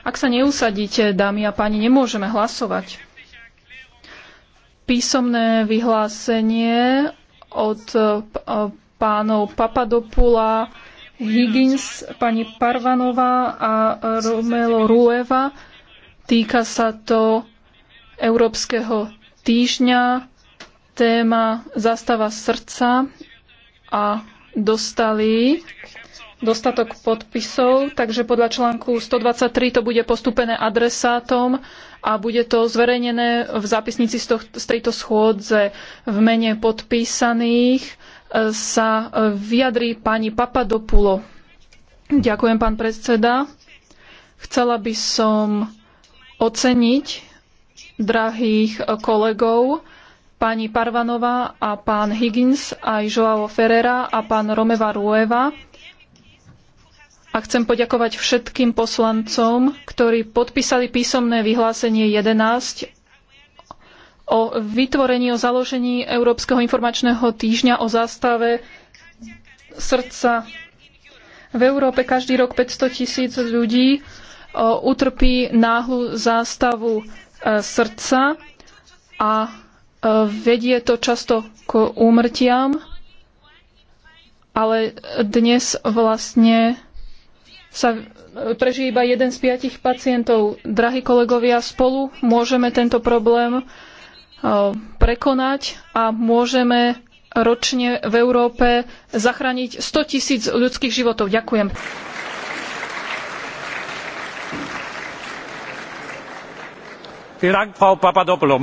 Ak sa neusadíte, dámy a páni, nemôžeme hlasovať. Písomné vyhlásenie od e, pánov Papadopula, Higgins, pani Parvanová a Romelo Rueva. Týka sa to Európskeho týždňa. Téma Zastava srdca a dostali dostatok podpisov, takže podľa článku 123 to bude postupené adresátom a bude to zverejnené v zápisnici z, to, z tejto schôdze. V mene podpísaných e, sa vyjadrí pani Papadopulo. Ďakujem, pán predseda. Chcela by som oceniť drahých kolegov, pani Parvanová a pán Higgins, aj Joao Ferrera a pán Romeva Rueva, a chcem poďakovať všetkým poslancom, ktorí podpísali písomné vyhlásenie 11 o vytvorení, o založení Európskeho informačného týždňa o zástave srdca. V Európe každý rok 500 tisíc ľudí e, utrpí náhlu zástavu e, srdca a e, vedie to často k úmrtiam, ale dnes vlastne sa e, prežije iba jeden z piatich pacientov. Drahí kolegovia, spolu môžeme tento problém e, prekonať a môžeme ročne v Európe zachrániť 100 tisíc ľudských životov. Ďakujem. Vielen Dank, Frau Papadopoulou.